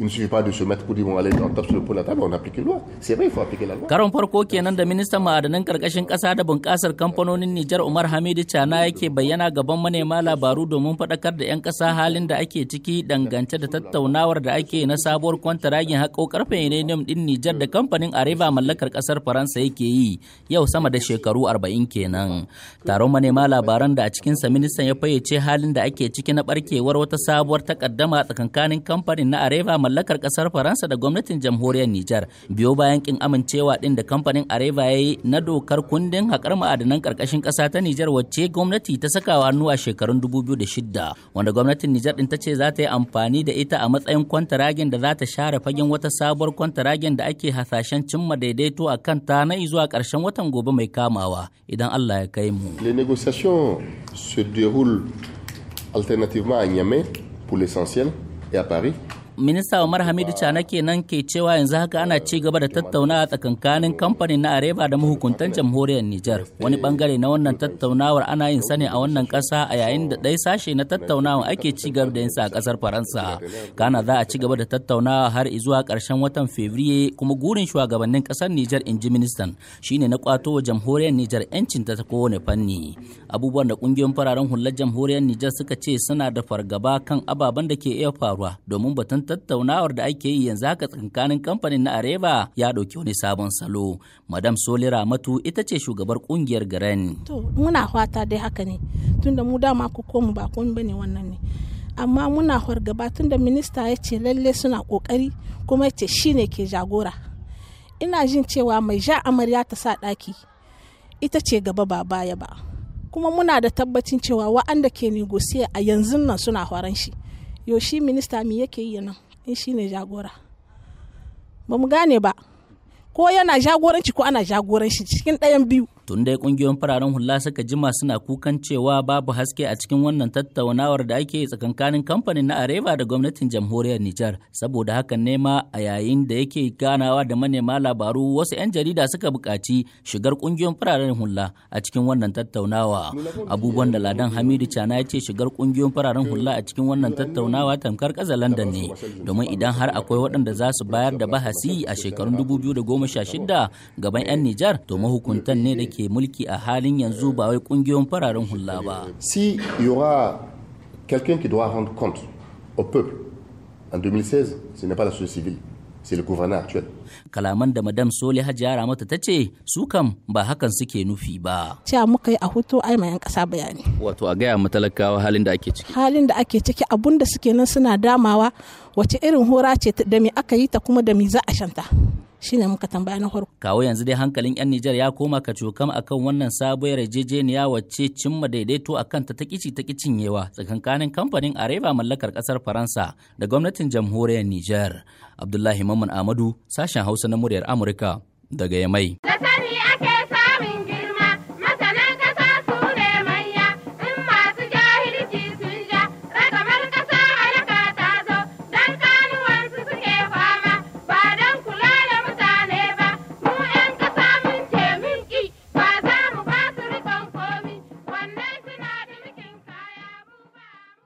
ne suffit pas de se mettre pour dire bon allez on tape sur le pot la table on applique la loi. C'est vrai il faut appliquer la loi. Karon farko kenan da ministan ma'adanan karkashin kasa da bunƙasar kamfanonin niger Umar Hamidu chana yake bayyana gaban manema labaru domin faɗakar da 'yan kasa halin da ake ciki dangance da tattaunawar da ake na sabuwar kwantaragin haƙo karfen uranium din niger da kamfanin Areva mallakar kasar Faransa yake yi yau sama da shekaru 40 kenan. Taron manema labaran da a cikinsa ministan ya fayyace halin da ake ciki na barkewar wata sabuwar takaddama tsakankanin kamfanin na Areva mallakar kasar Faransa da gwamnatin jamhuriyar Nijar biyo bayan kin amincewa din da kamfanin Areva ya yi na dokar kundin hakar ma'adanan karkashin kasa ta Nijar wacce gwamnati ta saka wa hannu a shekarun 2006 wanda gwamnatin Nijar din ta ce za ta yi amfani da ita a matsayin kwantaragen da za ta share fagen wata sabuwar kwantaragen da ake hasashen cimma daidaito a ta na zuwa ƙarshen watan gobe mai kamawa idan Allah ya kai mu. Les négociations se déroulent alternativement à Niamey pour l'essentiel et à Paris Minista Umar Hamidu Chana kenan ke cewa yanzu haka ana ci gaba da tattaunawa tsakankanin kamfanin na Areva da mahukuntan jamhuriyar Nijar. Wani bangare na wannan tattaunawar ana yin sani a wannan kasa a yayin da ɗaya sashe na tattaunawar ake ci gaba da yin a kasar Faransa. Kana za a ci gaba da tattaunawa har zuwa ƙarshen watan Fabriye kuma gurin shugabannin kasar Nijar inji ministan shine na kwato wa jamhuriyar Nijar 'yancin ta kowane fanni. Abubuwan da ƙungiyoyin fararen hular jamhuriyar Nijar suka ce suna da fargaba kan ababen da ke iya faruwa domin batun tattaunawar da ake yi yanzu haka tsakanin kamfanin na Areva ya ɗauki wani sabon salo. Madam solera matu ita ce shugabar kungiyar Garen. To muna fata dai haka ne tunda mu dama ku komu ba kun bane wannan ne. Amma muna hargaba tunda minista ya ce lalle suna kokari kuma ya ce shine ke jagora. Ina jin cewa mai ja amarya ta sa ɗaki ita ce gaba ba baya ba. kuma muna da tabbacin cewa wa'anda ke negosiya a yanzu nan suna horon shi yoshi minista mi yake yi nan in shi ne jagora ba mu gane ba ko yana jagoranci ko ana jagoranci cikin ɗayan biyu tun dai kungiyoyin fararen hula suka jima suna kukan cewa babu haske a cikin wannan tattaunawar da ake tsakankanin kamfanin na areba da gwamnatin jamhuriyar nijar saboda hakan nema a yayin da yake ganawa da manema labaru wasu 'yan jarida suka bukaci shigar kungiyoyin fararen hula a cikin wannan tattaunawa abubuwan da ladan hamidu cana ya ce shigar kungiyoyin fararen hula a cikin wannan tattaunawa tamkar kaza london ne domin idan har akwai waɗanda za su bayar da bahasi a shekarun 2016 gaban 'yan nijar to mahukuntan ne da ke mulki a halin yanzu ba wai kungiyoyin fararen hula ba. Si yura quelqu'un qui doit rendre compte au peuple en 2016, ce n'est pas la société civile. C'est le gouverneur actuel. Kalaman da Madam Sole Hajiya Ramata ta ce su kam ba hakan suke nufi ba. Cewa muka yi a hoto ai mayan kasa bayani. Wato a gaya matalakawa halin da ake ciki. Halin da ake ciki abun da suke nan suna damawa wace irin hura ce da me aka yi ta kuma da me za a shanta. shine muka tambaya na farko kawo yanzu dai hankalin yan Nijar ya koma kacokam akan wannan sabuwar yarjejeniya wacce cimma daidaito a akan ta kici ta kicinyewa tsakankanin kamfanin Areva mallakar kasar Faransa da gwamnatin jamhuriyar Nijar Abdullahi Mamman Amadu sashen Hausa na muryar Amurka daga Yamai